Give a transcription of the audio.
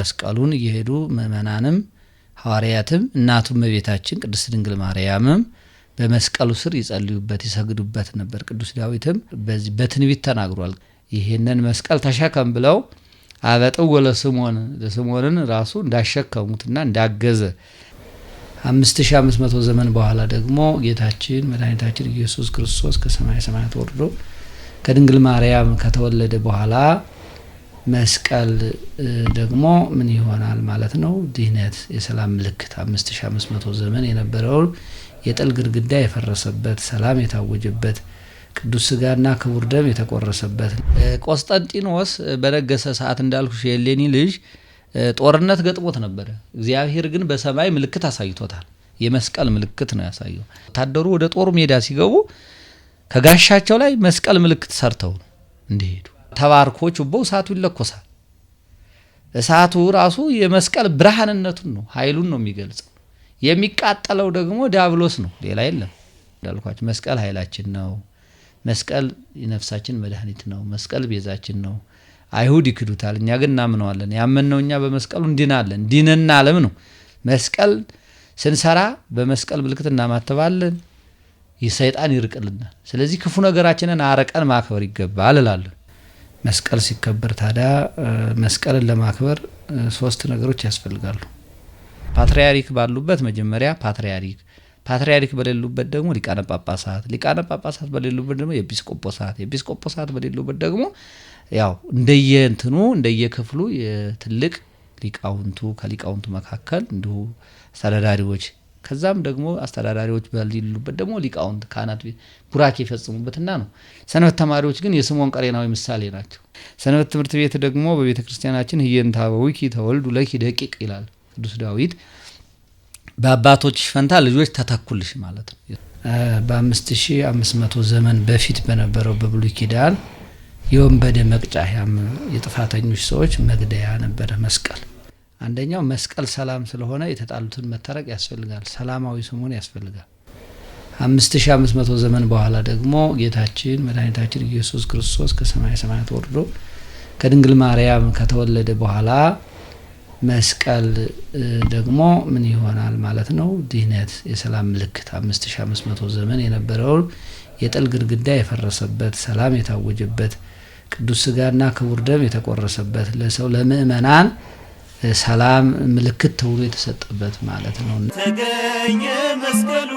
መስቀሉን እየሄዱ ምእመናንም ሐዋርያትም እናቱም እመቤታችን ቅድስት ድንግል ማርያምም በመስቀሉ ስር ይጸልዩበት ይሰግዱበት ነበር። ቅዱስ ዳዊትም በዚህ በትንቢት ተናግሯል። ይህንን መስቀል ተሸከም ብለው አበጠው ስሞን ለስሞንን ራሱ እንዳሸከሙትና እንዳገዘ 5500 ዘመን በኋላ ደግሞ ጌታችን መድኃኒታችን ኢየሱስ ክርስቶስ ከሰማይ ሰማያት ወርዶ ከድንግል ማርያም ከተወለደ በኋላ መስቀል ደግሞ ምን ይሆናል ማለት ነው? ድህነት፣ የሰላም ምልክት 5500 ዘመን የነበረውን የጥል ግድግዳ የፈረሰበት ሰላም የታወጀበት ቅዱስ ስጋና ክቡር ደም የተቆረሰበት። ቆስጠንጢኖስ በነገሰ ሰዓት እንዳልኩ የሌኒ ልጅ ጦርነት ገጥሞት ነበረ። እግዚአብሔር ግን በሰማይ ምልክት አሳይቶታል። የመስቀል ምልክት ነው ያሳየው። ወታደሩ ወደ ጦሩ ሜዳ ሲገቡ ከጋሻቸው ላይ መስቀል ምልክት ሰርተው ነው እንዲሄዱ ተባርኮ ችቦ እሳቱ ይለኮሳል። እሳቱ ራሱ የመስቀል ብርሃንነቱን ነው፣ ኃይሉን ነው የሚገልጸው። የሚቃጠለው ደግሞ ዲያብሎስ ነው፣ ሌላ የለም። እንዳልኳቸው መስቀል ኃይላችን ነው። መስቀል የነፍሳችን መድኃኒት ነው። መስቀል ቤዛችን ነው። አይሁድ ይክዱታል፣ እኛ ግን እናምነዋለን። ያመንነው እኛ በመስቀሉ እንድናለን። ዲነና አለም ነው መስቀል ስንሰራ በመስቀል ምልክት እናማተባለን። ሰይጣን ይርቅልናል። ስለዚህ ክፉ ነገራችንን አረቀን ማክበር ይገባል እላለሁ። መስቀል ሲከበር ታዲያ መስቀልን ለማክበር ሶስት ነገሮች ያስፈልጋሉ። ፓትርያርክ ባሉበት መጀመሪያ ፓትርያርክ፣ ፓትርያርክ በሌሉበት ደግሞ ሊቃነ ጳጳሳት፣ ሊቃነ ጳጳሳት በሌሉበት ደግሞ የኤጲስቆጶሳት፣ የኤጲስቆጶሳት በሌሉበት ደግሞ ያው እንደየእንትኑ እንደየክፍሉ የትልቅ ሊቃውንቱ ከሊቃውንቱ መካከል እንዲሁ አስተዳዳሪዎች ከዛም ደግሞ አስተዳዳሪዎች በሌሉበት ደግሞ ሊቃውንት ካህናት ቡራኬ የፈጽሙበትና ነው። ሰንበት ተማሪዎች ግን የስምዖን ቀሬናዊ ምሳሌ ናቸው። ሰንበት ትምህርት ቤት ደግሞ በቤተ ክርስቲያናችን ህየንታዊኪ ተወልዱ ለኪ ደቂቅ ይላል ቅዱስ ዳዊት። በአባቶች ፈንታ ልጆች ተተኩልሽ ማለት ነው። በ5500 ዘመን በፊት በነበረው በብሉይ ኪዳን የወንበደ መቅጫ ያም የጥፋተኞች ሰዎች መግደያ ነበረ መስቀል። አንደኛው መስቀል ሰላም ስለሆነ የተጣሉትን መታረቅ ያስፈልጋል። ሰላማዊ ስሙን ያስፈልጋል። አምስት ሺ አምስት መቶ ዘመን በኋላ ደግሞ ጌታችን መድኃኒታችን ኢየሱስ ክርስቶስ ከሰማይ ሰማያት ወርዶ ከድንግል ማርያም ከተወለደ በኋላ መስቀል ደግሞ ምን ይሆናል ማለት ነው? ድህነት፣ የሰላም ምልክት። አምስት ሺ አምስት መቶ ዘመን የነበረውን የጥል ግድግዳ የፈረሰበት ሰላም የታወጀበት ቅዱስ ስጋና ክቡር ደም የተቆረሰበት ለሰው ለምእመናን ሰላም ምልክት ተብሎ የተሰጠበት ማለት ነው። ተገኘ መስቀሉ